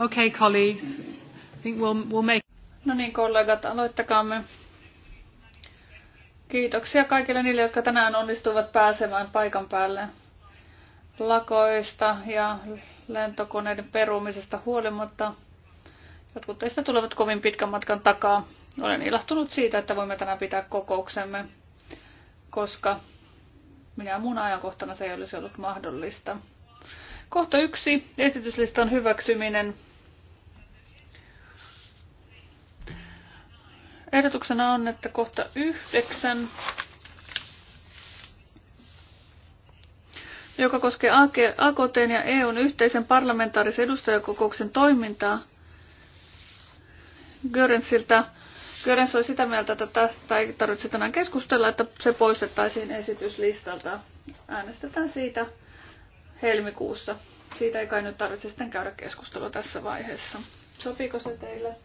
Okay, colleagues. I think we'll, we'll make... No niin, kollegat, aloittakaamme. Kiitoksia kaikille niille, jotka tänään onnistuvat pääsemään paikan päälle lakoista ja lentokoneiden perumisesta huolimatta. Jotkut teistä tulevat kovin pitkän matkan takaa. Olen ilahtunut siitä, että voimme tänään pitää kokouksemme, koska minä muun ajankohtana se ei olisi ollut mahdollista. Kohta yksi, esityslistan hyväksyminen. Ehdotuksena on, että kohta yhdeksän, joka koskee AKT ja EUn yhteisen parlamentaarisen edustajakokouksen toimintaa, Görensiltä. Görens oli sitä mieltä, että tästä ei tarvitse tänään keskustella, että se poistettaisiin esityslistalta. Äänestetään siitä helmikuussa. Siitä ei kai nyt tarvitse sitten käydä keskustelua tässä vaiheessa. Sopiiko se teille?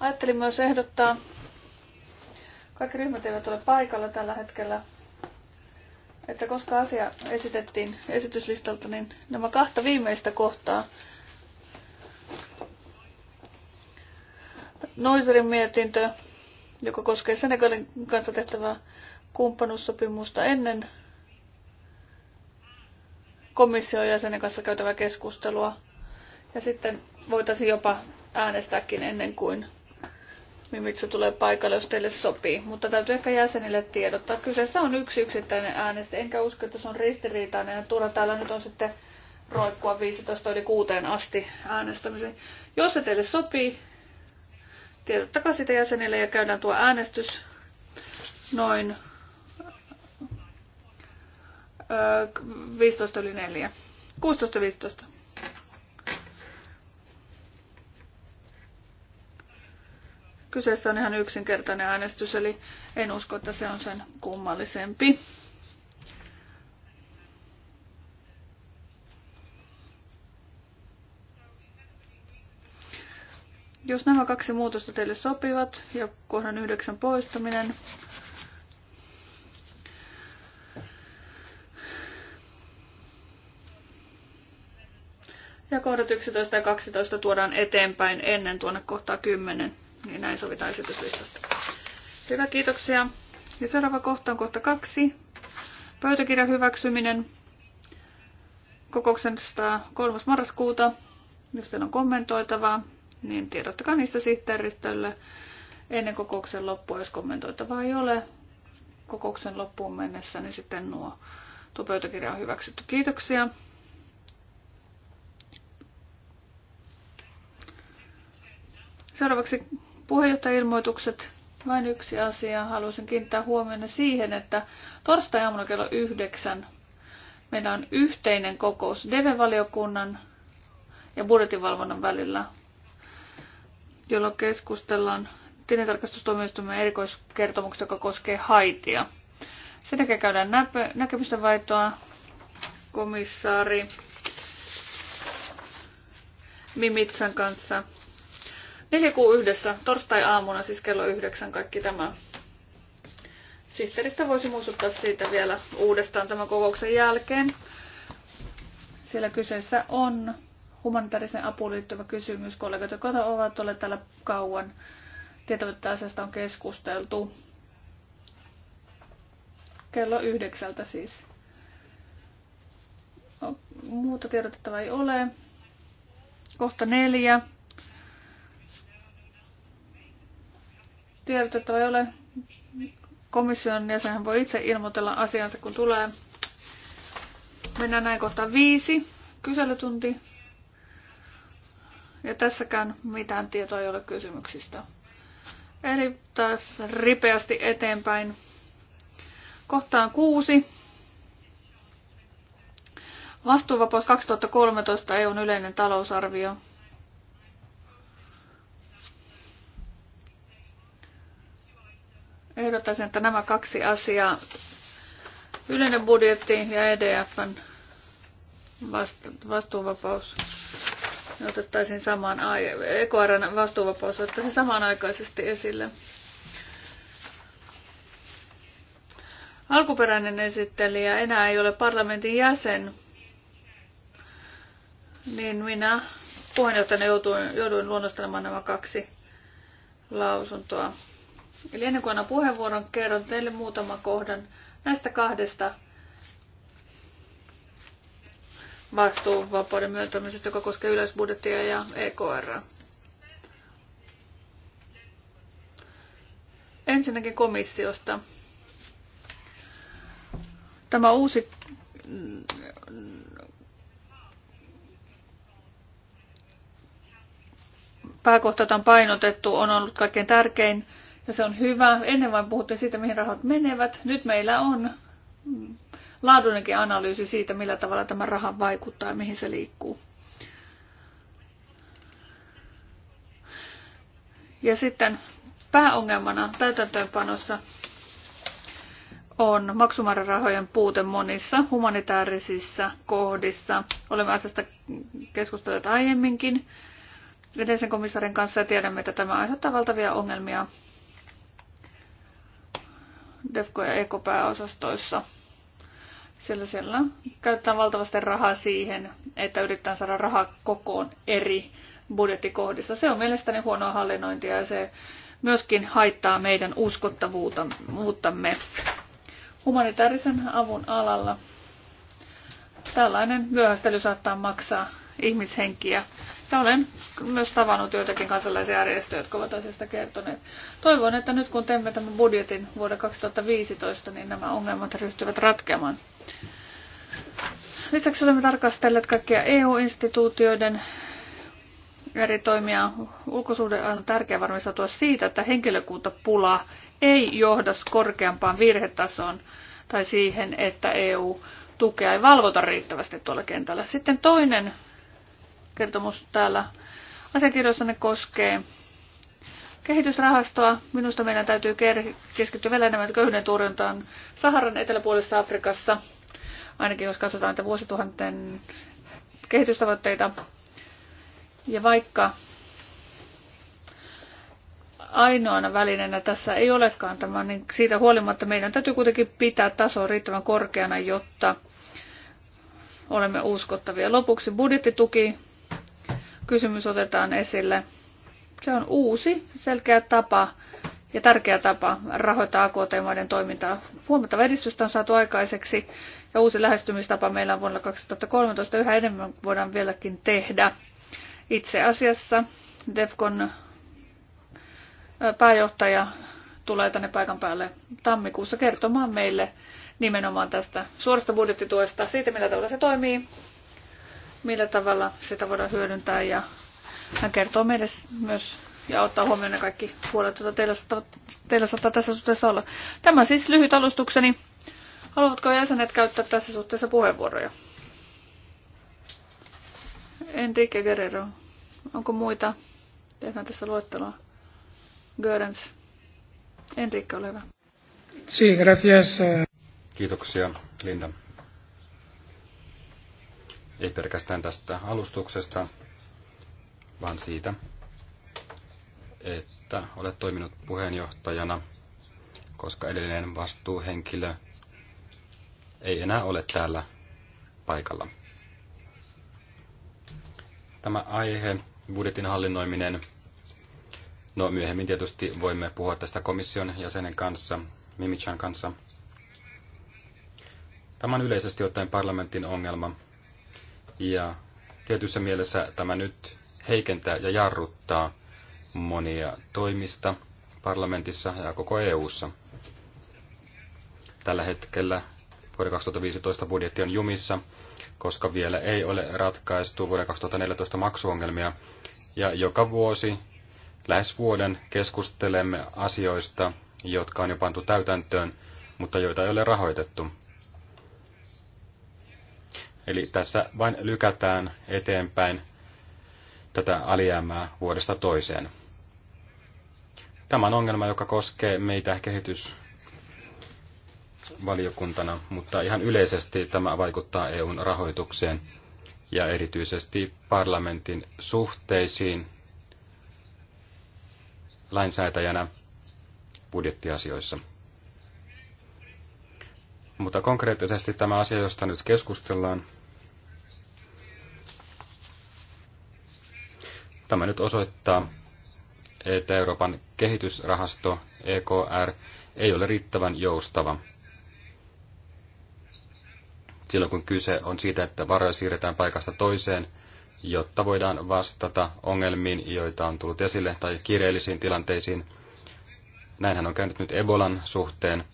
Ajattelin myös ehdottaa, kaikki ryhmät eivät ole paikalla tällä hetkellä, että koska asia esitettiin esityslistalta, niin nämä kahta viimeistä kohtaa, Noiserin mietintö, joka koskee Senegalin kanssa tehtävää kumppanuussopimusta ennen komission jäsenen kanssa käytävää keskustelua. Ja sitten voitaisiin jopa äänestääkin ennen kuin Mimitsu tulee paikalle, jos teille sopii. Mutta täytyy ehkä jäsenille tiedottaa. Kyseessä on yksi yksittäinen äänestä. Enkä usko, että se on ristiriitainen. Ja turha täällä nyt on sitten roikkua 15 yli 6 asti äänestämiseen. Jos se teille sopii, tiedottakaa sitä jäsenille ja käydään tuo äänestys noin 15 yli 4. 16-15. Kyseessä on ihan yksinkertainen äänestys, eli en usko, että se on sen kummallisempi. Jos nämä kaksi muutosta teille sopivat ja kohdan yhdeksän poistaminen, ja kohdat 11 ja 12 tuodaan eteenpäin ennen tuonne kohtaa 10. Niin näin sovitaan esityslistasta. Hyvä, kiitoksia. Ja seuraava kohta on kohta kaksi. Pöytäkirjan hyväksyminen kokouksesta 3. marraskuuta. Jos teillä on kommentoitavaa, niin tiedottakaa niistä sihteeristölle ennen kokouksen loppua. Jos kommentoitavaa ei ole kokouksen loppuun mennessä, niin sitten nuo, tuo pöytäkirja on hyväksytty. Kiitoksia. Seuraavaksi Puheenjohtajailmoitukset. Vain yksi asia. Haluaisin kiinnittää huomioon siihen, että torstai-aamuna kello yhdeksän meillä on yhteinen kokous DEVE-valiokunnan ja budjetinvalvonnan välillä, jolloin keskustellaan tilintarkastustuomioistuimen erikoiskertomuksesta, joka koskee haitia. Sen jälkeen käydään näpö, näkemysten vaihtoa komissaari Mimitsan kanssa Neljä kuu yhdessä, torstai-aamuna, siis kello yhdeksän kaikki tämä. Sihteeristä voisi muistuttaa siitä vielä uudestaan tämän kokouksen jälkeen. Siellä kyseessä on humanitaarisen apuun liittyvä kysymys. Kollegat, jotka ovat olleet täällä kauan, tietävät, että asiasta on keskusteltu. Kello yhdeksältä siis. No, muuta tiedotettavaa ei ole. Kohta neljä. tiedotettu ei ole. Komission jäsenhän voi itse ilmoitella asiansa, kun tulee. Mennään näin kohta viisi. Kyselytunti. Ja tässäkään mitään tietoa ei ole kysymyksistä. Eli taas ripeästi eteenpäin. Kohtaan kuusi. Vastuuvapaus 2013 EUn yleinen talousarvio. Ehdottaisin, että nämä kaksi asiaa, yleinen budjetti ja EDFn vastuuvapaus, ne otettaisiin samaan, EKRn vastuuvapaus otettaisiin samanaikaisesti esille. Alkuperäinen esittelijä enää ei ole parlamentin jäsen, niin minä puheenjohtajana jouduin, jouduin luonnostelemaan nämä kaksi lausuntoa. Eli ennen kuin annan puheenvuoron, kerron teille muutama kohdan näistä kahdesta vastuuvapauden myöntämisestä, joka koskee yleisbudjettia ja EKR. Ensinnäkin komissiosta. Tämä uusi mm, pääkohta, on painotettu, on ollut kaikkein tärkein ja se on hyvä. Ennen vain puhuttiin siitä, mihin rahat menevät. Nyt meillä on laadullinenkin analyysi siitä, millä tavalla tämä raha vaikuttaa ja mihin se liikkuu. Ja sitten pääongelmana täytäntöönpanossa on maksumäärärahojen puute monissa humanitaarisissa kohdissa. Olemme asiasta keskustelleet aiemminkin edellisen komissarin kanssa ja tiedämme, että tämä aiheuttaa valtavia ongelmia DEFCO- ja Eko pääosastoissa Siellä, siellä käytetään valtavasti rahaa siihen, että yritetään saada rahaa kokoon eri budjettikohdissa. Se on mielestäni huonoa hallinnointia ja se myöskin haittaa meidän uskottavuuttamme humanitaarisen avun alalla. Tällainen myöhästely saattaa maksaa ihmishenkiä ja olen myös tavannut joitakin kansalaisjärjestöjä, jotka ovat asiasta kertoneet. Toivon, että nyt kun teemme tämän budjetin vuoden 2015, niin nämä ongelmat ryhtyvät ratkemaan. Lisäksi olemme tarkastelleet kaikkia EU-instituutioiden eri toimia. Ulkosuhde on tärkeää varmistautua siitä, että henkilökuntapula ei johda korkeampaan virhetasoon tai siihen, että EU-tukea ei valvota riittävästi tuolla kentällä. Sitten toinen kertomus täällä ne koskee kehitysrahastoa. Minusta meidän täytyy keskittyä vielä enemmän köyhyyden torjuntaan Saharan eteläpuolessa Afrikassa, ainakin jos katsotaan että vuosituhanten kehitystavoitteita. Ja vaikka ainoana välineenä tässä ei olekaan tämä, niin siitä huolimatta meidän täytyy kuitenkin pitää taso riittävän korkeana, jotta olemme uskottavia. Lopuksi budjettituki kysymys otetaan esille. Se on uusi, selkeä tapa ja tärkeä tapa rahoittaa AKT-maiden toimintaa. Huomattava edistystä on saatu aikaiseksi ja uusi lähestymistapa meillä on vuonna 2013. Yhä enemmän voidaan vieläkin tehdä. Itse asiassa DEFCON pääjohtaja tulee tänne paikan päälle tammikuussa kertomaan meille nimenomaan tästä suorasta budjettituesta, siitä millä tavalla se toimii millä tavalla sitä voidaan hyödyntää ja hän kertoo meille myös ja ottaa huomioon ne kaikki puolet, joita teillä saattaa, teillä saattaa tässä suhteessa olla. Tämä siis lyhyt alustukseni. Haluatko jäsenet käyttää tässä suhteessa puheenvuoroja? Enrique Guerrero. Onko muita? Tehdään tässä luetteloa. Görens. Enrique, ole hyvä. Sí, gracias. Eh. Kiitoksia, Linda ei pelkästään tästä alustuksesta, vaan siitä, että olet toiminut puheenjohtajana, koska edellinen vastuuhenkilö ei enää ole täällä paikalla. Tämä aihe, budjetin hallinnoiminen, no myöhemmin tietysti voimme puhua tästä komission jäsenen kanssa, Mimichan kanssa. Tämä on yleisesti ottaen parlamentin ongelma, ja tietyssä mielessä tämä nyt heikentää ja jarruttaa monia toimista parlamentissa ja koko EU:ssa. Tällä hetkellä vuoden 2015 budjetti on jumissa, koska vielä ei ole ratkaistu vuoden 2014 maksuongelmia. Ja joka vuosi lähes vuoden keskustelemme asioista, jotka on jo pantu täytäntöön, mutta joita ei ole rahoitettu. Eli tässä vain lykätään eteenpäin tätä alijäämää vuodesta toiseen. Tämä on ongelma, joka koskee meitä kehitysvaliokuntana, mutta ihan yleisesti tämä vaikuttaa EUn rahoitukseen ja erityisesti parlamentin suhteisiin lainsäätäjänä budjettiasioissa. Mutta konkreettisesti tämä asia, josta nyt keskustellaan, tämä nyt osoittaa, että Euroopan kehitysrahasto EKR ei ole riittävän joustava silloin, kun kyse on siitä, että varoja siirretään paikasta toiseen, jotta voidaan vastata ongelmiin, joita on tullut esille, tai kiireellisiin tilanteisiin. Näinhän on käynyt nyt Ebolan suhteen,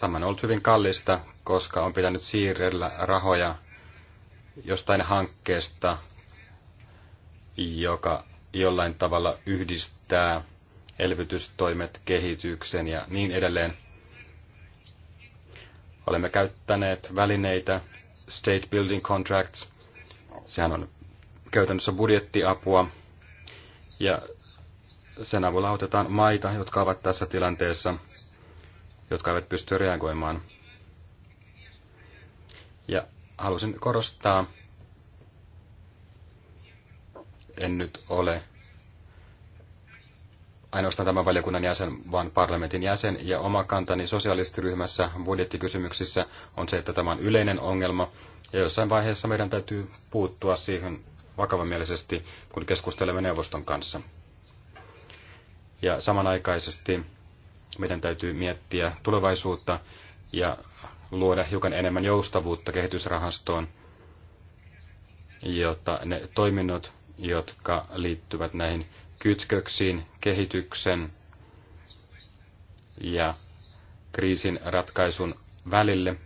Tämä on ollut hyvin kallista, koska on pitänyt siirrellä rahoja jostain hankkeesta, joka jollain tavalla yhdistää elvytystoimet, kehityksen ja niin edelleen. Olemme käyttäneet välineitä, state building contracts, sehän on käytännössä budjettiapua, ja sen avulla autetaan maita, jotka ovat tässä tilanteessa – jotka eivät pysty reagoimaan. Ja halusin korostaa, en nyt ole ainoastaan tämän valiokunnan jäsen, vaan parlamentin jäsen, ja oma kantani sosialistiryhmässä budjettikysymyksissä on se, että tämä on yleinen ongelma, ja jossain vaiheessa meidän täytyy puuttua siihen vakavamielisesti, kun keskustelemme neuvoston kanssa. Ja samanaikaisesti meidän täytyy miettiä tulevaisuutta ja luoda hiukan enemmän joustavuutta kehitysrahastoon, jotta ne toiminnot, jotka liittyvät näihin kytköksiin, kehityksen ja kriisin ratkaisun välille,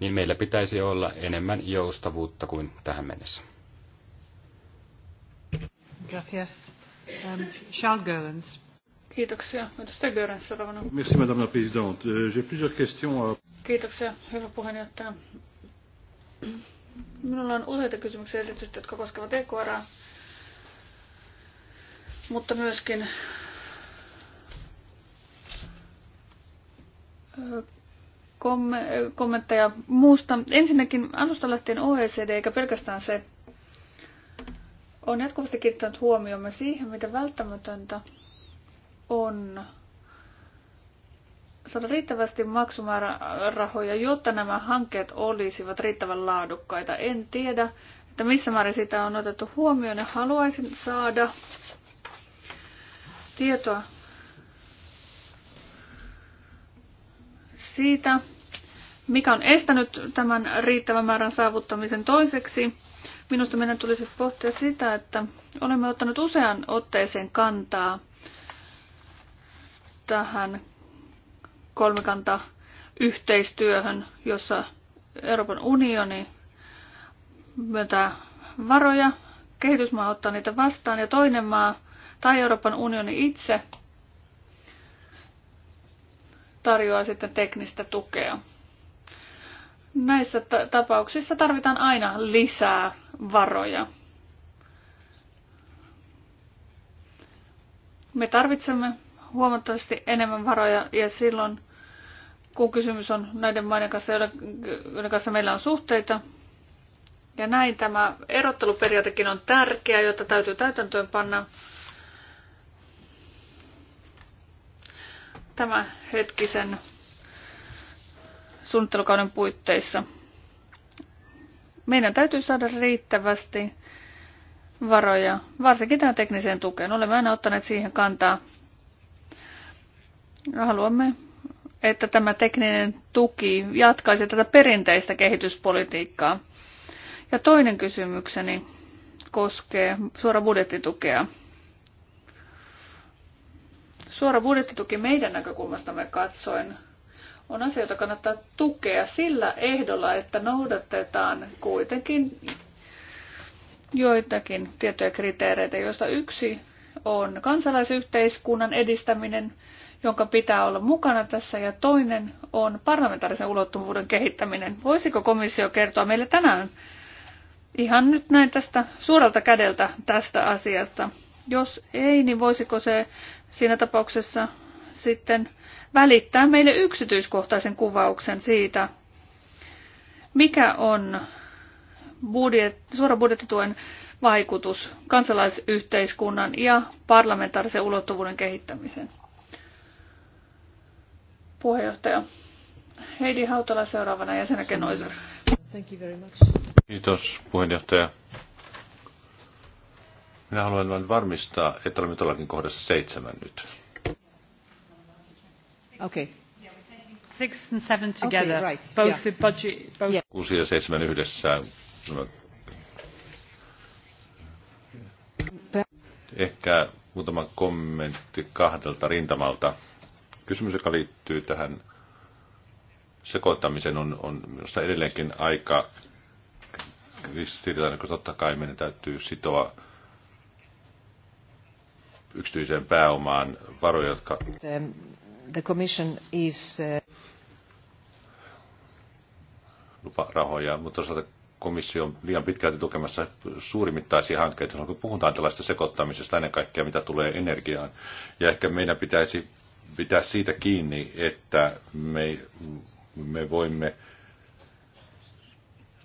niin meillä pitäisi olla enemmän joustavuutta kuin tähän mennessä. Gracias. Um, Charles Goerens. Kiitoksia. Edustaja seuraavana. Merci, madame la présidente. Euh, j'ai plusieurs questions. Kiitoksia, hyvä puheenjohtaja. Minulla on useita kysymyksiä erityisesti, jotka koskevat EKR, mutta myöskin kommentteja muusta. Ensinnäkin alusta lähtien OECD, eikä pelkästään se, on jatkuvasti kiinnittänyt huomiomme siihen, mitä välttämätöntä on saada riittävästi maksumäärärahoja, jotta nämä hankkeet olisivat riittävän laadukkaita. En tiedä, että missä määrin sitä on otettu huomioon ja haluaisin saada tietoa siitä, mikä on estänyt tämän riittävän määrän saavuttamisen toiseksi. Minusta meidän tulisi pohtia sitä, että olemme ottaneet usean otteeseen kantaa – tähän kolmikanta yhteistyöhön, jossa Euroopan unioni myöntää varoja, kehitysmaa ottaa niitä vastaan ja toinen maa tai Euroopan unioni itse tarjoaa sitten teknistä tukea. Näissä tapauksissa tarvitaan aina lisää varoja. Me tarvitsemme huomattavasti enemmän varoja ja silloin kun kysymys on näiden maiden kanssa, joiden kanssa meillä on suhteita. Ja näin tämä erotteluperiaatekin on tärkeä, jotta täytyy täytäntöön panna. Tämä hetkisen suunnittelukauden puitteissa. Meidän täytyy saada riittävästi varoja, varsinkin tähän tekniseen tukeen. Olemme aina ottaneet siihen kantaa Haluamme, että tämä tekninen tuki jatkaisi tätä perinteistä kehityspolitiikkaa. Ja toinen kysymykseni koskee suora budjettitukea. Suora budjettituki meidän näkökulmastamme katsoen on asia, jota kannattaa tukea sillä ehdolla, että noudatetaan kuitenkin joitakin tiettyjä kriteereitä, joista yksi on kansalaisyhteiskunnan edistäminen – jonka pitää olla mukana tässä, ja toinen on parlamentaarisen ulottuvuuden kehittäminen. Voisiko komissio kertoa meille tänään ihan nyt näin tästä suoralta kädeltä tästä asiasta? Jos ei, niin voisiko se siinä tapauksessa sitten välittää meille yksityiskohtaisen kuvauksen siitä, mikä on budjet, suora budjettituen vaikutus kansalaisyhteiskunnan ja parlamentaarisen ulottuvuuden kehittämiseen puheenjohtaja. Heidi Hautala seuraavana jäsenä Kenoiser. Thank you very much. Kiitos puheenjohtaja. Minä haluan vain varmistaa, että olemme todellakin kohdassa seitsemän nyt. Okei. Okay. Six and seven together, okay, right. both yeah. the budget, both... Yeah. Kuusi ja seitsemän yhdessä. Ehkä muutama kommentti kahdelta rintamalta kysymys, joka liittyy tähän sekoittamiseen, on, on minusta edelleenkin aika ristiriitainen, kun totta kai meidän täytyy sitoa yksityiseen pääomaan varoja, jotka... The commission is... Uh- rahoja, mutta toisaalta komissio on liian pitkälti tukemassa suurimittaisia hankkeita, kun puhutaan tällaista sekoittamisesta ennen kaikkea, mitä tulee energiaan. Ja ehkä meidän pitäisi pitää siitä kiinni, että me, me voimme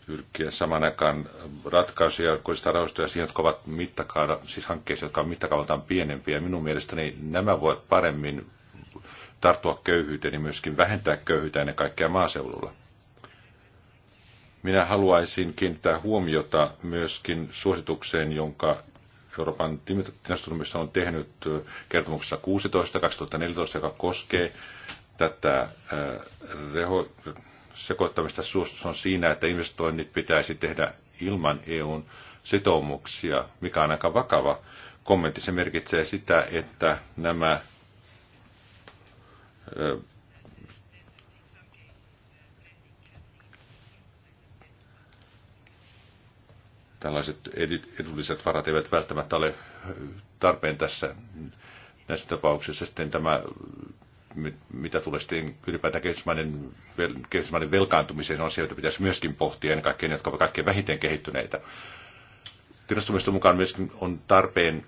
pyrkiä saman aikaan ratkaisuja, koista rahoista ja siihen, jotka ovat mittakaava, siis hankkeissa, jotka ovat mittakaavaltaan pienempiä. Minun mielestäni nämä voivat paremmin tarttua köyhyyteen ja myöskin vähentää köyhyyttä ennen kaikkea maaseudulla. Minä haluaisin kiinnittää huomiota myöskin suositukseen, jonka Euroopan tilastonumista on tehnyt kertomuksessa 16 2014, joka koskee tätä reho, sekoittamista. Suositus on siinä, että investoinnit pitäisi tehdä ilman EUn sitoumuksia, mikä on aika vakava kommentti. Se merkitsee sitä, että nämä tällaiset edulliset varat eivät välttämättä ole tarpeen tässä näissä tapauksissa. Sitten tämä, mitä tulee sitten ylipäätään kehitysmaiden, kehitysmaiden velkaantumiseen, on asia, pitäisi myöskin pohtia, ennen kaikkea ne, jotka ovat kaikkein vähiten kehittyneitä. Tilastomiston mukaan myöskin on tarpeen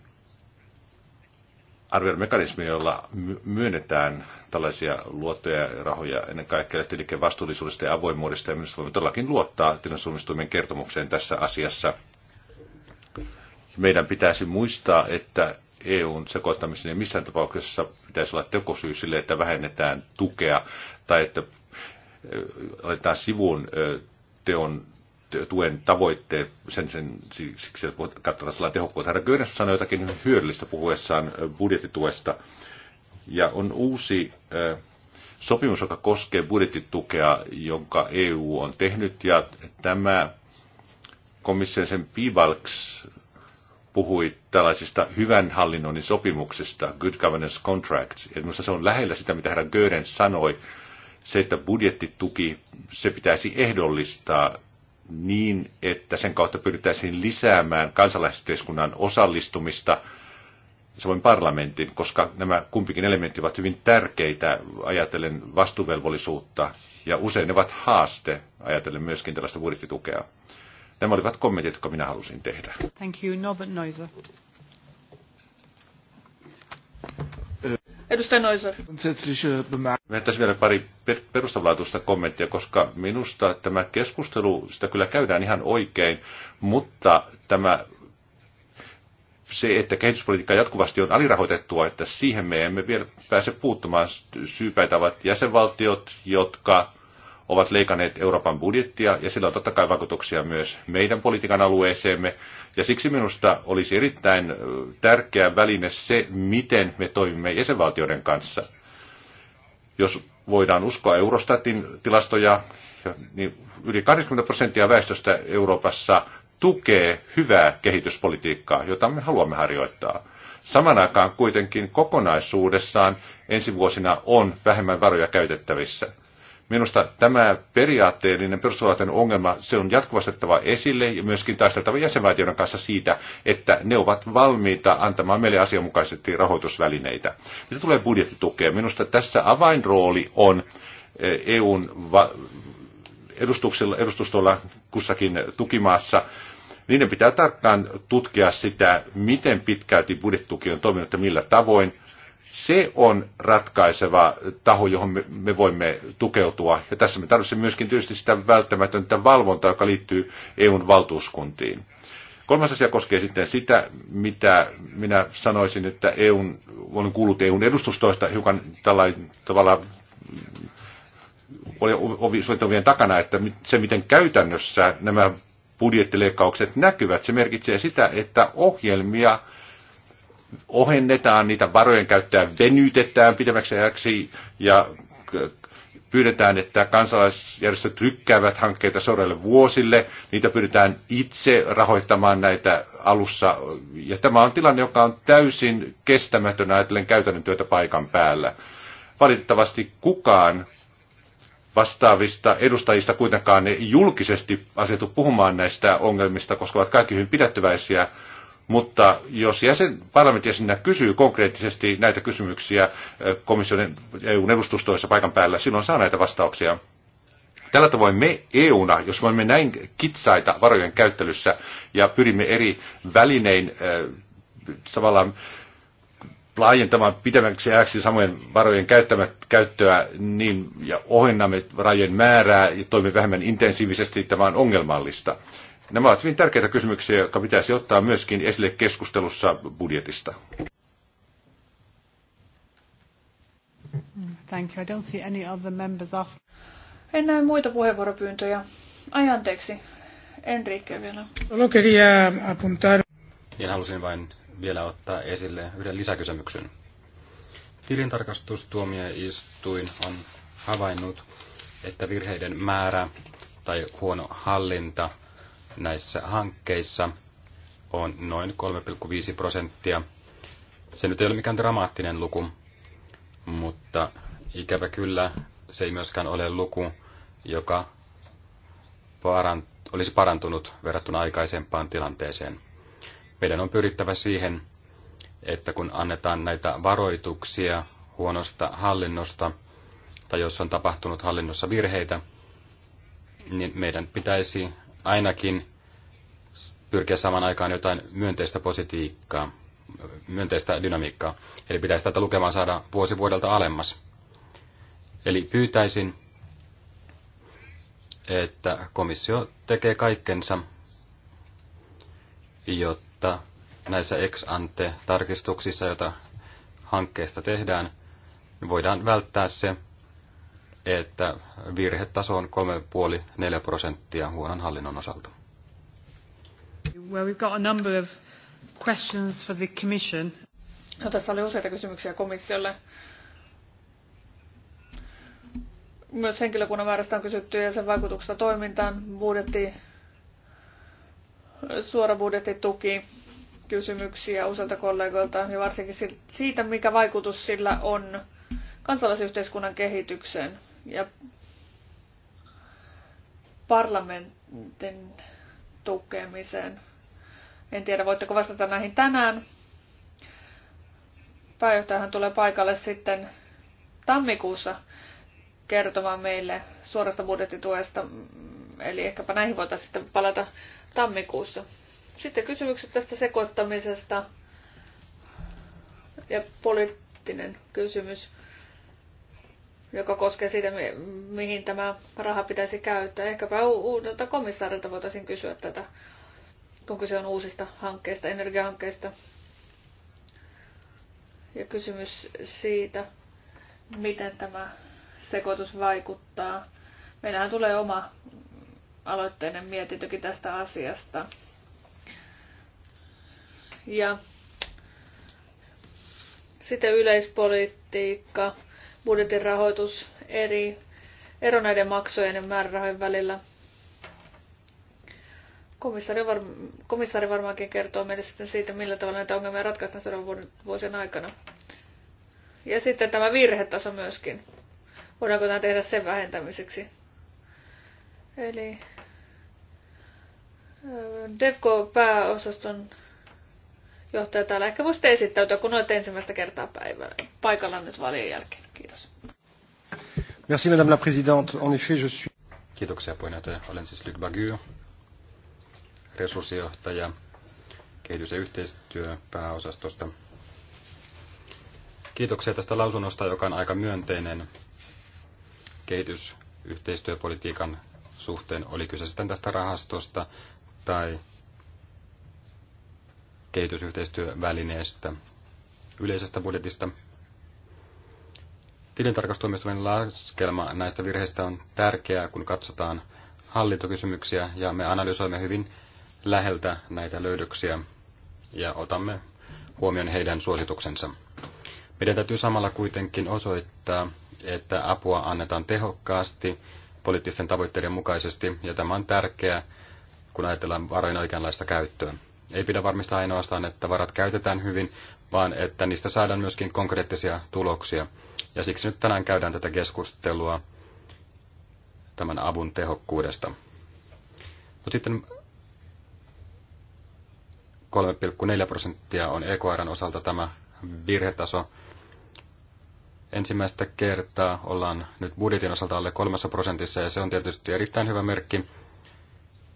arvioimekanismi, jolla myönnetään tällaisia luottoja ja rahoja ennen kaikkea tilikkeen vastuullisuudesta ja avoimuudesta. Ja minusta voimme todellakin luottaa tilinsuunnistuimen kertomukseen tässä asiassa. Meidän pitäisi muistaa, että EUn sekoittamisen ei missään tapauksessa pitäisi olla tekosyy sille, että vähennetään tukea tai että laitetaan sivuun teon tuen tavoitteet, sen, sen siksi, että katsotaan sellainen tehokkuutta. Herra Gönes sanoi jotakin hyödyllistä puhuessaan budjettituesta. Ja on uusi sopimus, joka koskee budjettitukea, jonka EU on tehnyt, ja tämä komission sen Pivalks puhui tällaisista hyvän hallinnoinnin sopimuksista, good governance contracts. Ja minusta se on lähellä sitä, mitä herra Gören sanoi, se, että budjettituki, se pitäisi ehdollistaa niin, että sen kautta pyrittäisiin lisäämään kansalaisyhteiskunnan osallistumista, samoin parlamentin, koska nämä kumpikin elementit ovat hyvin tärkeitä ajatellen vastuvelvollisuutta ja usein ne ovat haaste ajatellen myöskin tällaista budjettitukea. Nämä olivat kommentit, jotka minä halusin tehdä. Thank you, Norbert Neuser. Edustaja Noiser. Mä tässä vielä pari perustavanlaatuista kommenttia, koska minusta tämä keskustelu, sitä kyllä käydään ihan oikein, mutta tämä se, että kehityspolitiikka jatkuvasti on alirahoitettua, että siihen me emme vielä pääse puuttumaan. Syypäitä ovat jäsenvaltiot, jotka ovat leikanneet Euroopan budjettia ja sillä on totta kai vaikutuksia myös meidän politiikan alueeseemme. Ja siksi minusta olisi erittäin tärkeä väline se, miten me toimimme jäsenvaltioiden kanssa. Jos voidaan uskoa Eurostatin tilastoja, niin yli 80 prosenttia väestöstä Euroopassa tukee hyvää kehityspolitiikkaa, jota me haluamme harjoittaa. Saman aikaan kuitenkin kokonaisuudessaan ensi vuosina on vähemmän varoja käytettävissä. Minusta tämä periaatteellinen perustuslaten ongelma, se on jatkuvastettava esille ja myöskin taisteltava jäsenvaltioiden kanssa siitä, että ne ovat valmiita antamaan meille asianmukaisesti rahoitusvälineitä. Mitä tulee budjettitukea? Minusta tässä avainrooli on eh, EUn edustuksella, edustustolla kussakin tukimaassa, niiden pitää tarkkaan tutkia sitä, miten pitkälti budjettituki on toiminut ja millä tavoin. Se on ratkaiseva taho, johon me, me voimme tukeutua. Ja tässä me tarvitsemme myöskin tietysti sitä välttämätöntä valvontaa, joka liittyy EUn valtuuskuntiin. Kolmas asia koskee sitten sitä, mitä minä sanoisin, että EUn, olen kuullut EUn edustustoista hiukan tällä tavalla oli ovi takana, että se miten käytännössä nämä budjettileikkaukset näkyvät, se merkitsee sitä, että ohjelmia ohennetaan, niitä varojen käyttöä venytetään pidemmäksi ajaksi ja pyydetään, että kansalaisjärjestöt rykkäävät hankkeita seuraaville vuosille. Niitä pyydetään itse rahoittamaan näitä alussa. Ja tämä on tilanne, joka on täysin kestämätön ajatellen käytännön työtä paikan päällä. Valitettavasti kukaan vastaavista edustajista kuitenkaan ei julkisesti asetu puhumaan näistä ongelmista, koska ovat kaikki hyvin pidättyväisiä mutta jos jäsen, parlamentin jäsenä kysyy konkreettisesti näitä kysymyksiä komission EUn edustustoissa paikan päällä, silloin saa näitä vastauksia. Tällä tavoin me EUna, jos me olemme näin kitsaita varojen käyttelyssä ja pyrimme eri välinein äh, tavallaan laajentamaan pitämäksi ääksi samojen varojen käyttöä, niin ja ohennamme rajojen määrää ja toimimme vähemmän intensiivisesti, tämä on ongelmallista. Nämä ovat hyvin tärkeitä kysymyksiä, jotka pitäisi ottaa myöskin esille keskustelussa budjetista. Thank you. I don't see any other members En näe muita puheenvuoropyyntöjä. Ai anteeksi. Enrique vielä. Solo quería apuntar. Niin halusin vain vielä ottaa esille yhden lisäkysymyksen. Tilintarkastustuomioistuin on havainnut, että virheiden määrä tai huono hallinta – näissä hankkeissa on noin 3,5 prosenttia. Se nyt ei ole mikään dramaattinen luku, mutta ikävä kyllä se ei myöskään ole luku, joka parant- olisi parantunut verrattuna aikaisempaan tilanteeseen. Meidän on pyrittävä siihen, että kun annetaan näitä varoituksia huonosta hallinnosta tai jos on tapahtunut hallinnossa virheitä, niin meidän pitäisi ainakin pyrkiä samaan aikaan jotain myönteistä positiikkaa, myönteistä dynamiikkaa. Eli pitäisi tätä lukemaa saada vuosi vuodelta alemmas. Eli pyytäisin, että komissio tekee kaikkensa, jotta näissä ex ante tarkistuksissa, joita hankkeesta tehdään, voidaan välttää se, että virhetaso on 3,5-4 prosenttia huonon hallinnon osalta. Well, we've got a number of questions for the commission. No, tässä oli useita kysymyksiä komissiolle. Myös henkilökunnan määrästä on kysytty ja sen vaikutuksesta toimintaan, budjetti, suora budjettituki, kysymyksiä useilta kollegoilta ja varsinkin siitä, mikä vaikutus sillä on kansalaisyhteiskunnan kehitykseen ja parlamentin tukemiseen. En tiedä, voitteko vastata näihin tänään. Pääjohtajahan tulee paikalle sitten tammikuussa kertomaan meille suorasta budjettituesta, eli ehkäpä näihin voitaisiin sitten palata tammikuussa. Sitten kysymykset tästä sekoittamisesta ja poliittinen kysymys joka koskee sitä, mihin tämä raha pitäisi käyttää. Ehkäpä uudelta komissaarilta voitaisiin kysyä tätä, kun kyse on uusista hankkeista, energiahankkeista. Ja kysymys siitä, miten tämä sekoitus vaikuttaa. Meillähän tulee oma aloitteinen mietintökin tästä asiasta. Ja sitten yleispolitiikka budjetin rahoitus eri ero näiden maksujen ja määrärahojen välillä. Komissaari, var, komissaari varmaankin kertoo meille sitten siitä, millä tavalla näitä ongelmia ratkaistaan seuraavan vuosien aikana. Ja sitten tämä virhetaso myöskin. Voidaanko tämä tehdä sen vähentämiseksi? Eli DevCo-pääosaston johtaja täällä. Ehkä voisitte esittäytyä, kun olette ensimmäistä kertaa päivällä paikalla nyt valien jälkeen. Kiitos. Merci Madame la Présidente. En effet, je suis... Kiitoksia puheenjohtaja. Olen siis Luc Bagu, resurssijohtaja kehitys- ja yhteistyöpääosastosta. Kiitoksia tästä lausunnosta, joka on aika myönteinen kehitysyhteistyöpolitiikan suhteen. Oli kyse sitten tästä rahastosta tai kehitysyhteistyövälineestä, yleisestä budjetista. Tilintarkastustoimistojen laskelma näistä virheistä on tärkeää, kun katsotaan hallintokysymyksiä ja me analysoimme hyvin läheltä näitä löydöksiä ja otamme huomioon heidän suosituksensa. Meidän täytyy samalla kuitenkin osoittaa, että apua annetaan tehokkaasti poliittisten tavoitteiden mukaisesti, ja tämä on tärkeää, kun ajatellaan varojen oikeanlaista käyttöä. Ei pidä varmistaa ainoastaan, että varat käytetään hyvin, vaan että niistä saadaan myöskin konkreettisia tuloksia. Ja siksi nyt tänään käydään tätä keskustelua tämän avun tehokkuudesta. Mutta sitten 3,4 prosenttia on EKRn osalta tämä virhetaso. Ensimmäistä kertaa ollaan nyt budjetin osalta alle kolmessa prosentissa ja se on tietysti erittäin hyvä merkki.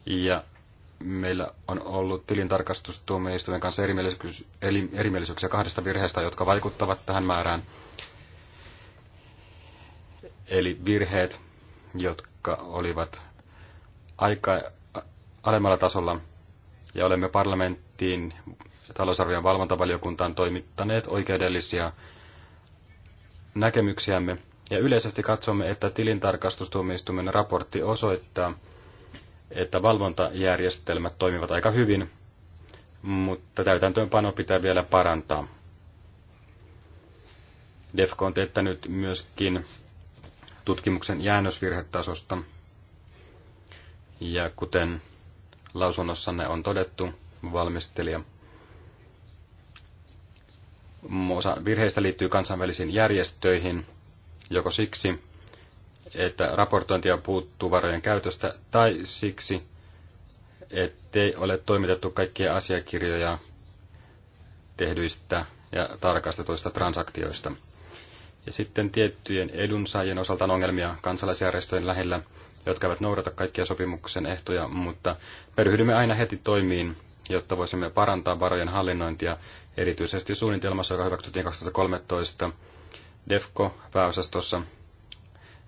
Ja meillä on ollut tilintarkastustuomioistuimen kanssa erimielisyyksiä kahdesta virheestä, jotka vaikuttavat tähän määrään. Eli virheet, jotka olivat aika alemmalla tasolla, ja olemme parlamenttiin talousarvion valvontavaliokuntaan toimittaneet oikeudellisia näkemyksiämme, ja yleisesti katsomme, että tilintarkastustuomioistuimen raportti osoittaa, että valvontajärjestelmät toimivat aika hyvin, mutta täytäntöönpano pitää vielä parantaa. DEFCO on teettänyt myöskin tutkimuksen jäännösvirhetasosta. Ja kuten lausunnossanne on todettu, valmistelija, osa virheistä liittyy kansainvälisiin järjestöihin, joko siksi, että raportointia puuttuu varojen käytöstä, tai siksi, ettei ole toimitettu kaikkia asiakirjoja tehdyistä ja tarkastetuista transaktioista. Ja sitten tiettyjen edunsaajien osalta on ongelmia kansalaisjärjestöjen lähellä, jotka eivät noudata kaikkia sopimuksen ehtoja, mutta perhydymme aina heti toimiin, jotta voisimme parantaa varojen hallinnointia, erityisesti suunnitelmassa, joka hyväksyttiin 2013 DEFCO-pääosastossa,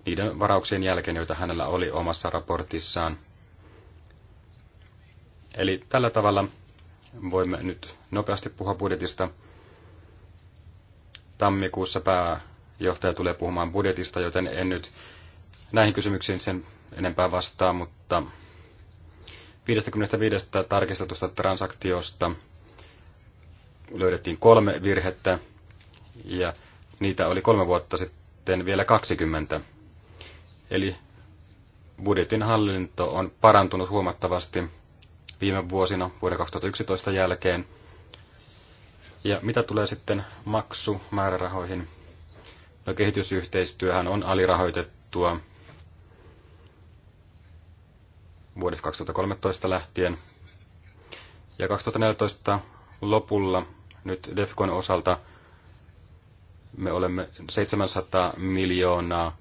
niiden varauksien jälkeen, joita hänellä oli omassa raportissaan. Eli tällä tavalla voimme nyt nopeasti puhua budjetista. Tammikuussa pääjohtaja tulee puhumaan budjetista, joten en nyt näihin kysymyksiin sen enempää vastaa, mutta 55 tarkistetusta transaktiosta löydettiin kolme virhettä ja niitä oli kolme vuotta sitten vielä 20. Eli budjetin hallinto on parantunut huomattavasti viime vuosina vuoden 2011 jälkeen. Ja mitä tulee sitten maksumäärärahoihin? No kehitysyhteistyöhän on alirahoitettua vuodesta 2013 lähtien. Ja 2014 lopulla nyt DEFCON osalta me olemme 700 miljoonaa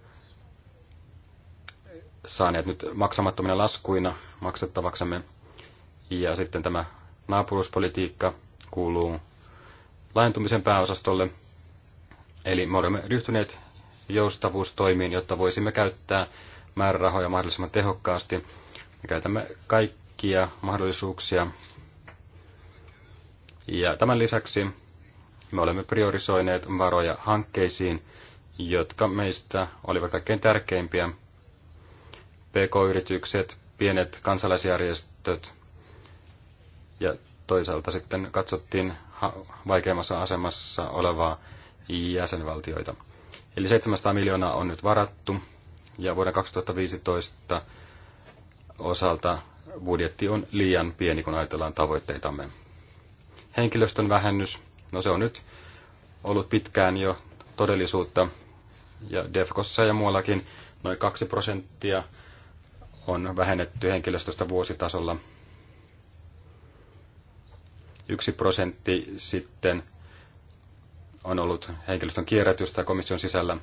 saaneet nyt maksamattomina laskuina maksettavaksemme. Ja sitten tämä naapuruspolitiikka kuuluu laajentumisen pääosastolle. Eli me olemme ryhtyneet joustavuustoimiin, jotta voisimme käyttää määrärahoja mahdollisimman tehokkaasti. Me käytämme kaikkia mahdollisuuksia. Ja tämän lisäksi me olemme priorisoineet varoja hankkeisiin, jotka meistä olivat kaikkein tärkeimpiä PK-yritykset, pienet kansalaisjärjestöt ja toisaalta sitten katsottiin vaikeimmassa asemassa olevaa jäsenvaltioita. Eli 700 miljoonaa on nyt varattu ja vuoden 2015 osalta budjetti on liian pieni, kun ajatellaan tavoitteitamme. Henkilöstön vähennys, no se on nyt ollut pitkään jo todellisuutta ja DEFKossa ja muuallakin noin 2 prosenttia on vähennetty henkilöstöstä vuositasolla. Yksi prosentti sitten on ollut henkilöstön kierrätystä komission sisällä.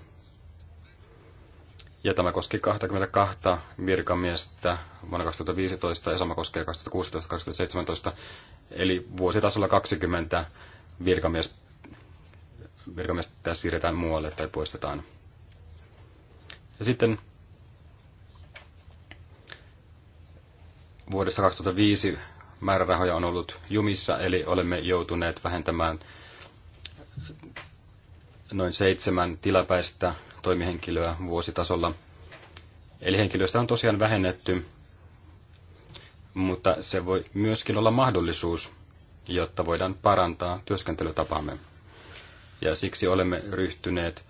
Ja tämä koski 22 virkamiestä vuonna 2015 ja sama koskee 2016-2017. Eli vuositasolla 20 virkamies, virkamiestä siirretään muualle tai poistetaan. Ja sitten vuodesta 2005 määrärahoja on ollut jumissa, eli olemme joutuneet vähentämään noin seitsemän tilapäistä toimihenkilöä vuositasolla. Eli henkilöstä on tosiaan vähennetty, mutta se voi myöskin olla mahdollisuus, jotta voidaan parantaa työskentelytapamme. Ja siksi olemme ryhtyneet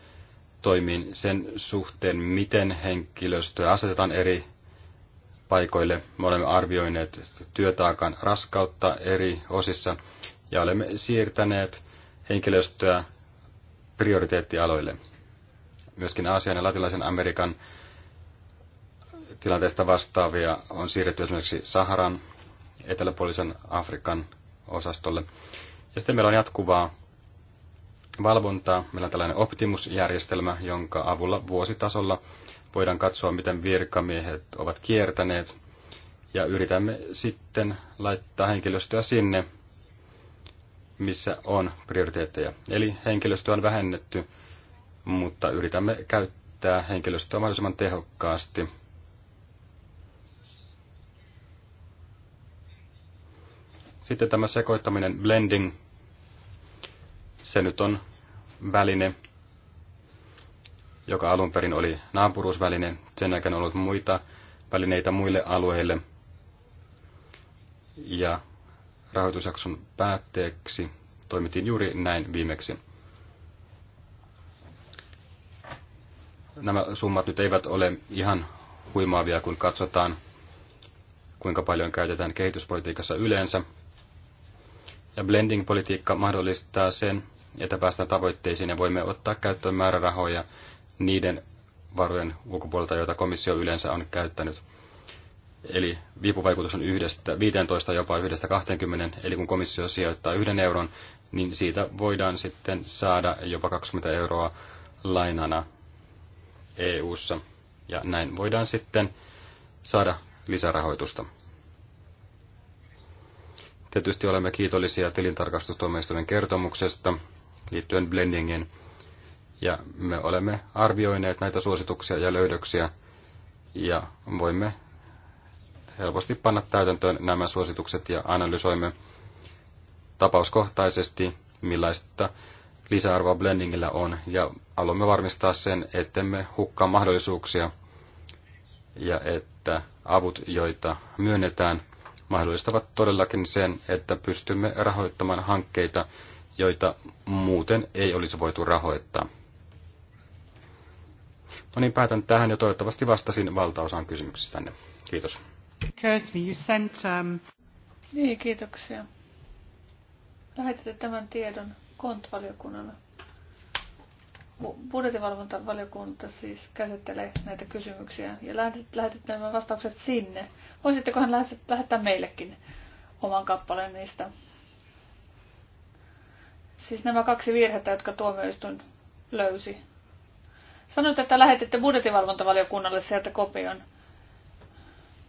toimiin sen suhteen, miten henkilöstöä asetetaan eri paikoille. Me olemme arvioineet työtaakan raskautta eri osissa ja olemme siirtäneet henkilöstöä prioriteettialoille. Myöskin Aasian ja Latinalaisen Amerikan tilanteesta vastaavia on siirretty esimerkiksi Saharan eteläpuolisen Afrikan osastolle. Ja sitten meillä on jatkuvaa valvontaa. Meillä on tällainen Optimus-järjestelmä, jonka avulla vuositasolla voidaan katsoa, miten virkamiehet ovat kiertäneet. Ja yritämme sitten laittaa henkilöstöä sinne, missä on prioriteetteja. Eli henkilöstöä on vähennetty, mutta yritämme käyttää henkilöstöä mahdollisimman tehokkaasti. Sitten tämä sekoittaminen, blending, se nyt on väline, joka alun perin oli naapuruusväline. Sen jälkeen on ollut muita välineitä muille alueille. Ja rahoitusjakson päätteeksi toimittiin juuri näin viimeksi. Nämä summat nyt eivät ole ihan huimaavia, kun katsotaan, kuinka paljon käytetään kehityspolitiikassa yleensä. Ja blending-politiikka mahdollistaa sen, että päästään tavoitteisiin ja voimme ottaa käyttöön määrärahoja, niiden varojen ulkopuolelta, joita komissio yleensä on käyttänyt. Eli viipuvaikutus on yhdestä 15 jopa yhdestä 20, eli kun komissio sijoittaa yhden euron, niin siitä voidaan sitten saada jopa 20 euroa lainana EU-ssa. Ja näin voidaan sitten saada lisärahoitusta. Tietysti olemme kiitollisia tilintarkastustuomioistuimen kertomuksesta liittyen blendingin ja me olemme arvioineet näitä suosituksia ja löydöksiä ja voimme helposti panna täytäntöön nämä suositukset ja analysoimme tapauskohtaisesti, millaista lisäarvoa blendingillä on ja haluamme varmistaa sen, ettemme hukkaa mahdollisuuksia ja että avut, joita myönnetään, mahdollistavat todellakin sen, että pystymme rahoittamaan hankkeita, joita muuten ei olisi voitu rahoittaa. No niin, päätän tähän ja toivottavasti vastasin valtaosaan kysymyksistänne. Kiitos. Um, niin, kiitoksia. lähetätte tämän tiedon kontvaliokunnalle. Budjetivalvontavaliokunta siis käsittelee näitä kysymyksiä ja lähetätte nämä vastaukset sinne. Voisittekohan lähettää meillekin oman kappaleen niistä? Siis nämä kaksi virhettä, jotka tuomioistuin löysi Sanoit, että lähetitte budjetinvalvontavaliokunnalle sieltä kopion.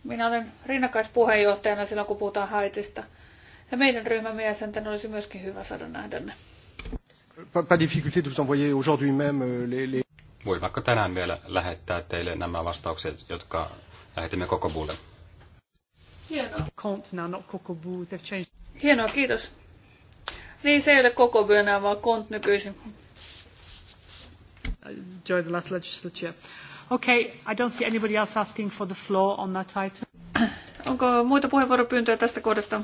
Minä olen rinnakkaispuheenjohtajana silloin, kun puhutaan haitista. Ja meidän ryhmämme jäsenten olisi myöskin hyvä saada nähdä ne. Euh, Voi vaikka tänään vielä lähettää teille nämä vastaukset, jotka lähetimme Kokobulle. Hienoa. Hienoa, kiitos. Niin se ei ole koko enää, vaan Kont nykyisin during the last legislature. Okay, I don't see anybody else asking for the floor on that item. Onko muita puheenvuoropyyntöjä tästä kohdasta?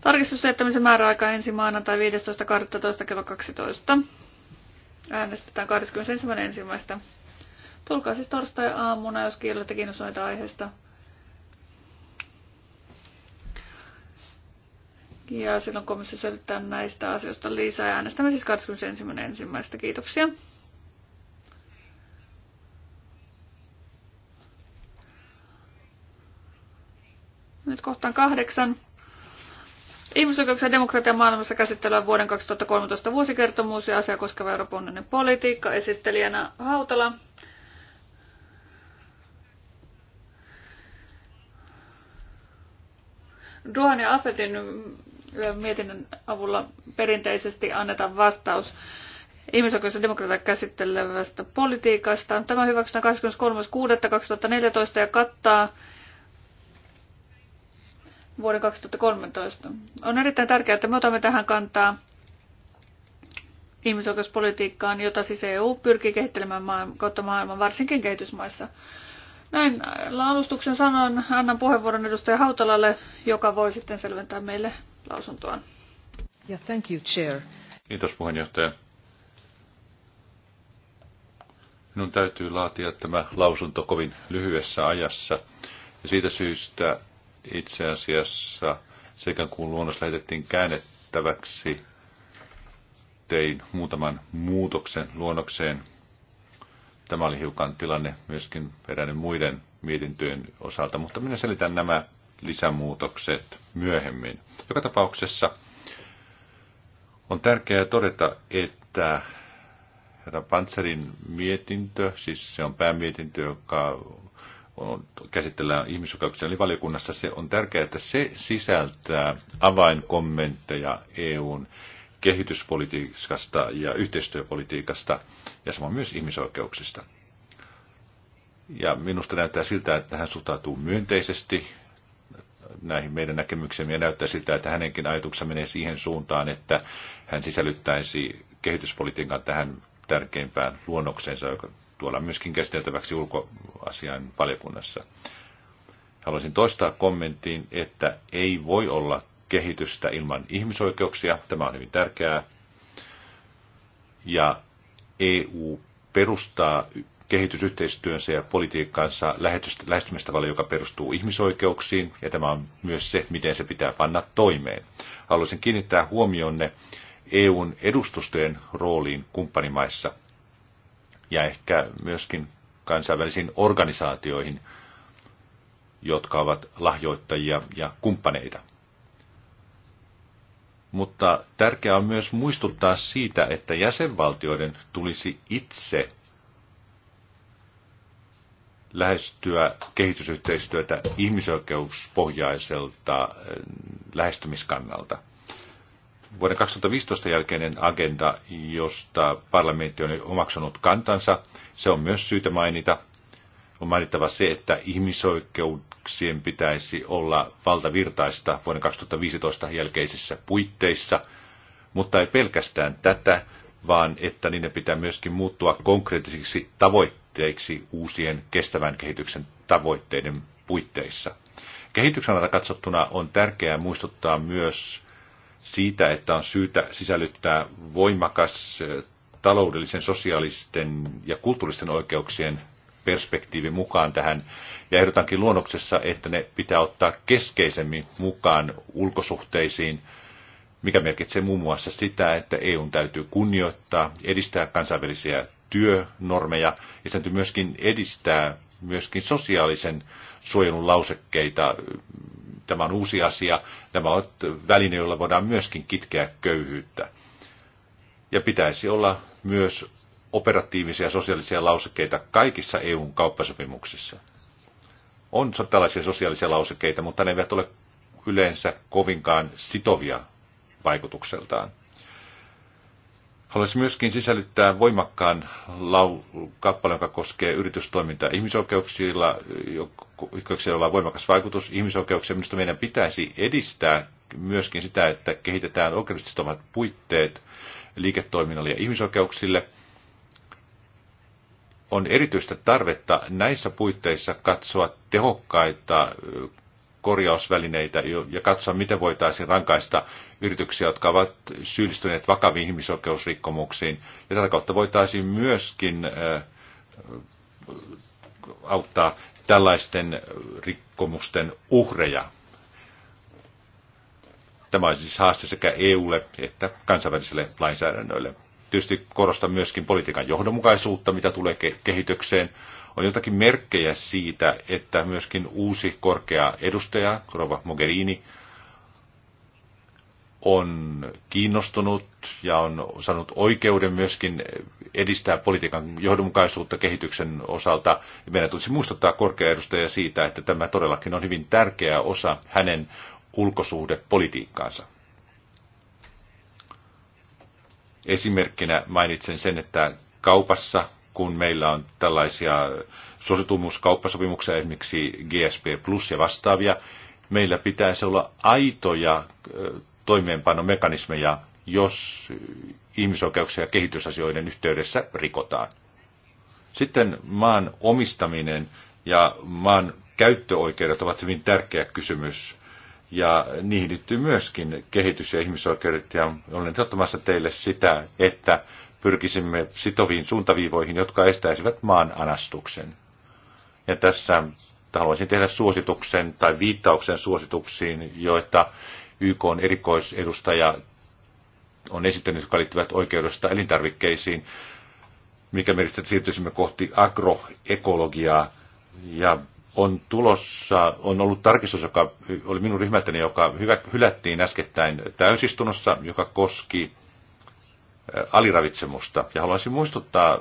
Tarkistusjättämisen määräaika ensi maanantai 15.12. kello 12. Äänestetään 21.1. Tulkaa siis torstai-aamuna, jos kieltä kiinnostuneita aiheesta. Ja silloin komissio selittää näistä asioista lisää. äänestämme siis 21.1. Kiitoksia. Nyt kohtaan kahdeksan. Ihmisoikeuksia ja demokratian maailmassa käsittelyä vuoden 2013 vuosikertomuus ja asia koskeva Euroopan politiikka. Esittelijänä Hautala. Duhan ja Afetin mietinnön avulla perinteisesti annetaan vastaus ihmisoikeus- ja demokratia käsittelevästä politiikasta. Tämä hyväksytään 23.6.2014 ja kattaa vuoden 2013. On erittäin tärkeää, että me otamme tähän kantaa ihmisoikeuspolitiikkaan, jota siis EU pyrkii kehittelemään kautta maailman, varsinkin kehitysmaissa. Näin alustuksen sanon, annan puheenvuoron edustaja Hautalalle, joka voi sitten selventää meille lausuntoaan. Yeah, thank you, chair. Kiitos puheenjohtaja. Minun täytyy laatia tämä lausunto kovin lyhyessä ajassa. Ja siitä syystä itse asiassa sekä kun luonnos lähetettiin käännettäväksi, tein muutaman muutoksen luonnokseen, Tämä oli hiukan tilanne myöskin peräinen muiden mietintöjen osalta, mutta minä selitän nämä lisämuutokset myöhemmin. Joka tapauksessa on tärkeää todeta, että herra Panzerin mietintö, siis se on päämietintö, joka on, käsitellään ihmisoikeuksien eli valiokunnassa, se on tärkeää, että se sisältää avainkommentteja EUn kehityspolitiikasta ja yhteistyöpolitiikasta ja samoin myös ihmisoikeuksista. Ja minusta näyttää siltä, että hän suhtautuu myönteisesti näihin meidän näkemyksemme ja näyttää siltä, että hänenkin ajatuksensa menee siihen suuntaan, että hän sisällyttäisi kehityspolitiikan tähän tärkeimpään luonnokseensa, joka tuolla myöskin käsiteltäväksi ulkoasian valiokunnassa. Haluaisin toistaa kommenttiin, että ei voi olla kehitystä ilman ihmisoikeuksia. Tämä on hyvin tärkeää. Ja EU perustaa kehitysyhteistyönsä ja politiikkaansa lähestymistavalle, joka perustuu ihmisoikeuksiin, ja tämä on myös se, miten se pitää panna toimeen. Haluaisin kiinnittää huomionne EUn edustustojen rooliin kumppanimaissa ja ehkä myöskin kansainvälisiin organisaatioihin, jotka ovat lahjoittajia ja kumppaneita mutta tärkeää on myös muistuttaa siitä, että jäsenvaltioiden tulisi itse lähestyä kehitysyhteistyötä ihmisoikeuspohjaiselta eh, lähestymiskannalta. Vuoden 2015 jälkeinen agenda, josta parlamentti on omaksunut kantansa, se on myös syytä mainita. On mainittava se, että ihmisoikeudet päätöksien pitäisi olla valtavirtaista vuoden 2015 jälkeisissä puitteissa, mutta ei pelkästään tätä, vaan että niiden pitää myöskin muuttua konkreettisiksi tavoitteiksi uusien kestävän kehityksen tavoitteiden puitteissa. Kehityksen alalta katsottuna on tärkeää muistuttaa myös siitä, että on syytä sisällyttää voimakas eh, taloudellisen, sosiaalisten ja kulttuuristen oikeuksien perspektiivi mukaan tähän. Ja ehdotankin luonnoksessa, että ne pitää ottaa keskeisemmin mukaan ulkosuhteisiin, mikä merkitsee muun muassa sitä, että EUn täytyy kunnioittaa, edistää kansainvälisiä työnormeja ja sen täytyy myöskin edistää myöskin sosiaalisen suojelun lausekkeita. Tämä on uusi asia. Nämä ovat väline, jolla voidaan myöskin kitkeä köyhyyttä. Ja pitäisi olla myös operatiivisia sosiaalisia lausekkeita kaikissa EUn kauppasopimuksissa. On tällaisia sosiaalisia lausekkeita, mutta ne eivät ole yleensä kovinkaan sitovia vaikutukseltaan. Haluaisin myöskin sisällyttää voimakkaan lau- kappaleen, joka koskee yritystoimintaa ihmisoikeuksilla, oikeuksilla on voimakas vaikutus ihmisoikeuksia. Minusta meidän pitäisi edistää myöskin sitä, että kehitetään oikeudellisesti puitteet liiketoiminnalle ja ihmisoikeuksille on erityistä tarvetta näissä puitteissa katsoa tehokkaita korjausvälineitä ja katsoa, miten voitaisiin rankaista yrityksiä, jotka ovat syyllistyneet vakaviin ihmisoikeusrikkomuksiin. Ja tätä kautta voitaisiin myöskin auttaa tällaisten rikkomusten uhreja. Tämä on siis haaste sekä EUlle että kansainväliselle lainsäädännölle tietysti korostan myöskin politiikan johdonmukaisuutta, mitä tulee kehitykseen. On jotakin merkkejä siitä, että myöskin uusi korkea edustaja, Rova Mogherini, on kiinnostunut ja on saanut oikeuden myöskin edistää politiikan johdonmukaisuutta kehityksen osalta. Meidän tulisi muistuttaa korkea edustaja siitä, että tämä todellakin on hyvin tärkeä osa hänen ulkosuhdepolitiikkaansa. Esimerkkinä mainitsen sen, että kaupassa, kun meillä on tällaisia suositumuskauppasopimuksia, esimerkiksi GSP Plus ja vastaavia, meillä pitäisi olla aitoja toimeenpanomekanismeja, jos ihmisoikeuksia ja kehitysasioiden yhteydessä rikotaan. Sitten maan omistaminen ja maan käyttöoikeudet ovat hyvin tärkeä kysymys ja niihin liittyy myöskin kehitys- ja ihmisoikeudet, ja olen ehdottomassa teille sitä, että pyrkisimme sitoviin suuntaviivoihin, jotka estäisivät maan anastuksen. Ja tässä haluaisin tehdä suosituksen tai viittauksen suosituksiin, joita YK on erikoisedustaja on esittänyt, jotka liittyvät oikeudesta elintarvikkeisiin, mikä merkitsee, että siirtyisimme kohti agroekologiaa ja on tulossa, on ollut tarkistus, joka oli minun ryhmältäni, joka hyvä, hylättiin äskettäin täysistunnossa, joka koski aliravitsemusta. Ja haluaisin muistuttaa,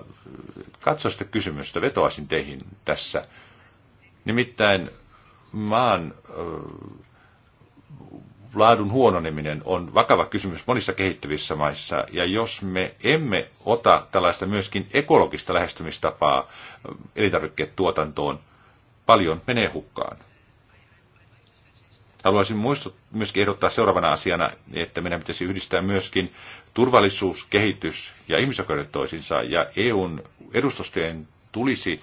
katso sitä kysymystä, vetoaisin teihin tässä. Nimittäin maan laadun huononeminen on vakava kysymys monissa kehittyvissä maissa, ja jos me emme ota tällaista myöskin ekologista lähestymistapaa elintarvikkeet tuotantoon, paljon menee hukkaan. Haluaisin muistut, myöskin ehdottaa seuraavana asiana, että meidän pitäisi yhdistää myöskin turvallisuus, kehitys ja ihmisoikeudet toisinsa. ja EUn edustustojen tulisi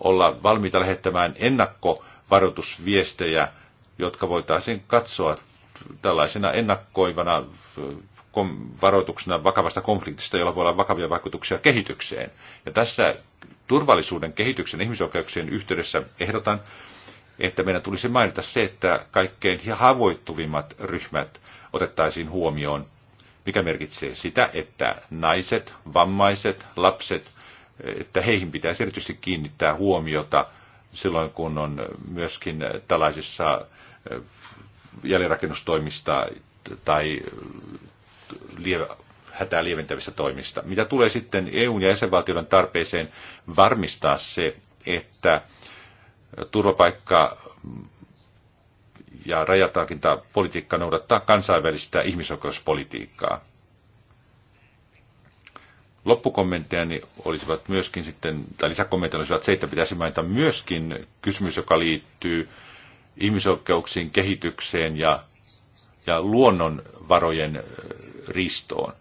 olla valmiita lähettämään ennakkovaroitusviestejä, jotka voitaisiin katsoa tällaisena ennakkoivana varoituksena vakavasta konfliktista, jolla voi olla vakavia vaikutuksia kehitykseen. Ja tässä turvallisuuden kehityksen ihmisoikeuksien yhteydessä ehdotan, että meidän tulisi mainita se, että kaikkein haavoittuvimmat ryhmät otettaisiin huomioon, mikä merkitsee sitä, että naiset, vammaiset, lapset, että heihin pitäisi erityisesti kiinnittää huomiota silloin, kun on myöskin tällaisissa eh, jälleenrakennustoimista tai lieve, hätää lieventävistä toimista. Mitä tulee sitten EUn ja jäsenvaltioiden tarpeeseen varmistaa se, että turvapaikka ja politiikka noudattaa kansainvälistä ihmisoikeuspolitiikkaa. Loppukommenttejani olisivat myöskin sitten, tai lisäkommentteja olisivat se, että pitäisi mainita myöskin kysymys, joka liittyy ihmisoikeuksiin, kehitykseen ja, ja luonnonvarojen ristoon.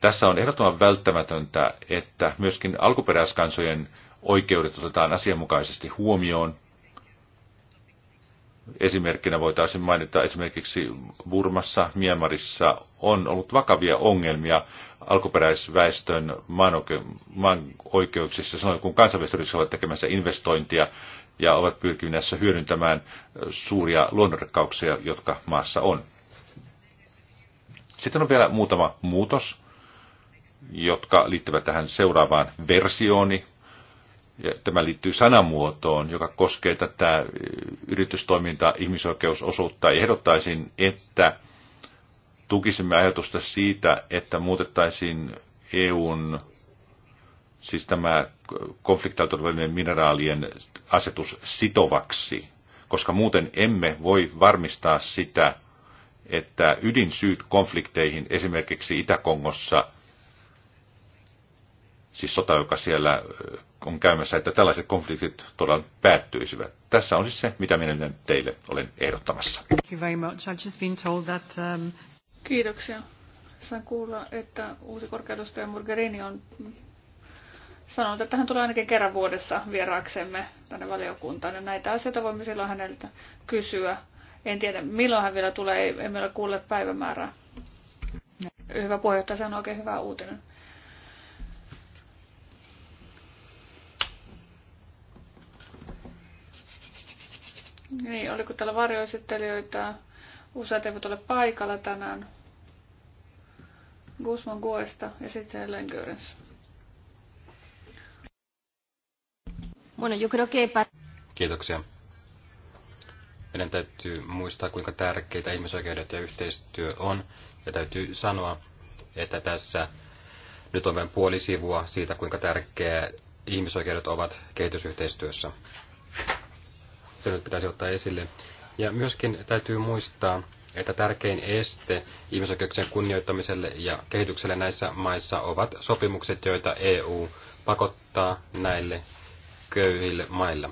Tässä on ehdottoman välttämätöntä, että myöskin alkuperäiskansojen oikeudet otetaan asianmukaisesti huomioon. Esimerkkinä voitaisiin mainita esimerkiksi Burmassa, Miemarissa on ollut vakavia ongelmia alkuperäisväestön maan oikeuksissa, sanoin, kun kansainvälisyydessä ovat tekemässä investointia ja ovat pyrkimässä hyödyntämään suuria luonnonrikkauksia, jotka maassa on. Sitten on vielä muutama muutos, jotka liittyvät tähän seuraavaan versiooni. Ja tämä liittyy sanamuotoon, joka koskee tätä äh, yritystoimintaa, ihmisoikeusosuutta. Ehdottaisin, että tukisimme ajatusta siitä, että muutettaisiin EUn, siis tämä konfliktautorivälinen mineraalien asetus sitovaksi, koska muuten emme voi varmistaa sitä, että ydinsyyt konflikteihin esimerkiksi Itä-Kongossa, siis sota, joka siellä on käymässä, että tällaiset konfliktit todella päättyisivät. Tässä on siis se, mitä minä teille olen ehdottamassa. Thank you very much. I've just been told that, um... Kiitoksia. Sain kuulla, että uusi korkeudustaja Murgerini on sanonut, että hän tulee ainakin kerran vuodessa vieraaksemme tänne valiokuntaan. Ja näitä asioita voimme silloin häneltä kysyä en tiedä, milloin hän vielä tulee, emme ole kuulleet päivämäärää. Hyvä puheenjohtaja, sanoo oikein hyvää uutinen. Niin, oliko täällä varjoesittelijöitä? Useat eivät ole paikalla tänään. Guzman Guesta ja sitten Helen Görens. Bueno, yo creo que... Kiitoksia. Meidän täytyy muistaa, kuinka tärkeitä ihmisoikeudet ja yhteistyö on. Ja täytyy sanoa, että tässä nyt on vain puoli sivua siitä, kuinka tärkeä ihmisoikeudet ovat kehitysyhteistyössä. Se nyt pitäisi ottaa esille. Ja myöskin täytyy muistaa, että tärkein este ihmisoikeuksien kunnioittamiselle ja kehitykselle näissä maissa ovat sopimukset, joita EU pakottaa näille köyhille mailla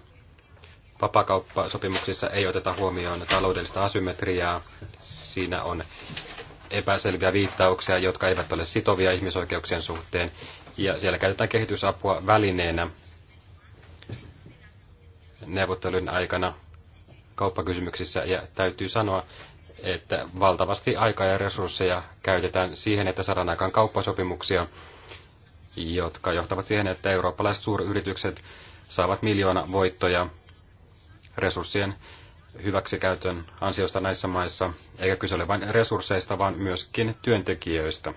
vapakauppasopimuksissa ei oteta huomioon taloudellista asymmetriaa. Siinä on epäselviä viittauksia, jotka eivät ole sitovia ihmisoikeuksien suhteen. Ja siellä käytetään kehitysapua välineenä neuvottelun aikana kauppakysymyksissä. Ja täytyy sanoa, että valtavasti aikaa ja resursseja käytetään siihen, että saadaan aikaan kauppasopimuksia, jotka johtavat siihen, että eurooppalaiset suuryritykset saavat miljoona voittoja resurssien hyväksikäytön ansiosta näissä maissa, eikä kyse ole vain resursseista, vaan myöskin työntekijöistä.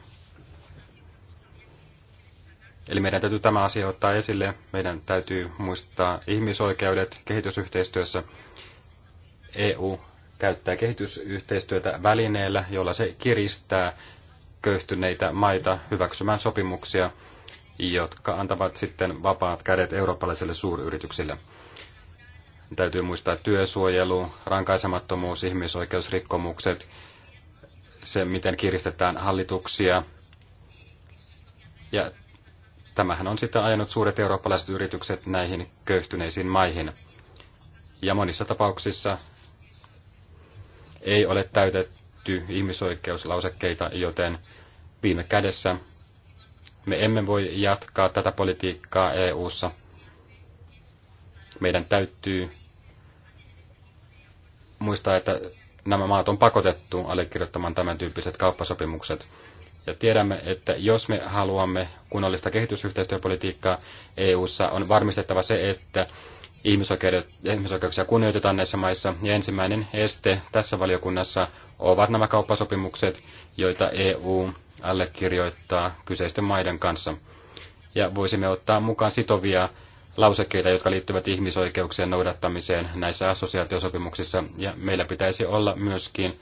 Eli meidän täytyy tämä asia ottaa esille. Meidän täytyy muistaa ihmisoikeudet kehitysyhteistyössä. EU käyttää kehitysyhteistyötä välineellä, jolla se kiristää köyhtyneitä maita hyväksymään sopimuksia, jotka antavat sitten vapaat kädet eurooppalaisille suuryrityksille. Täytyy muistaa työsuojelu, rankaisemattomuus, ihmisoikeusrikkomukset, se miten kiristetään hallituksia. Ja tämähän on sitten ajanut suuret eurooppalaiset yritykset näihin köyhtyneisiin maihin. Ja monissa tapauksissa ei ole täytetty ihmisoikeuslausekkeita, joten viime kädessä me emme voi jatkaa tätä politiikkaa EU:ssa. Meidän täytyy muistaa, että nämä maat on pakotettu allekirjoittamaan tämän tyyppiset kauppasopimukset. Ja tiedämme, että jos me haluamme kunnollista kehitysyhteistyöpolitiikkaa EU:ssa, on varmistettava se, että ihmisoikeuksia kunnioitetaan näissä maissa. Ja ensimmäinen este tässä valiokunnassa ovat nämä kauppasopimukset, joita EU allekirjoittaa kyseisten maiden kanssa. Ja voisimme ottaa mukaan sitovia lausekkeita, jotka liittyvät ihmisoikeuksien noudattamiseen näissä assosiaatiosopimuksissa, ja meillä pitäisi olla myöskin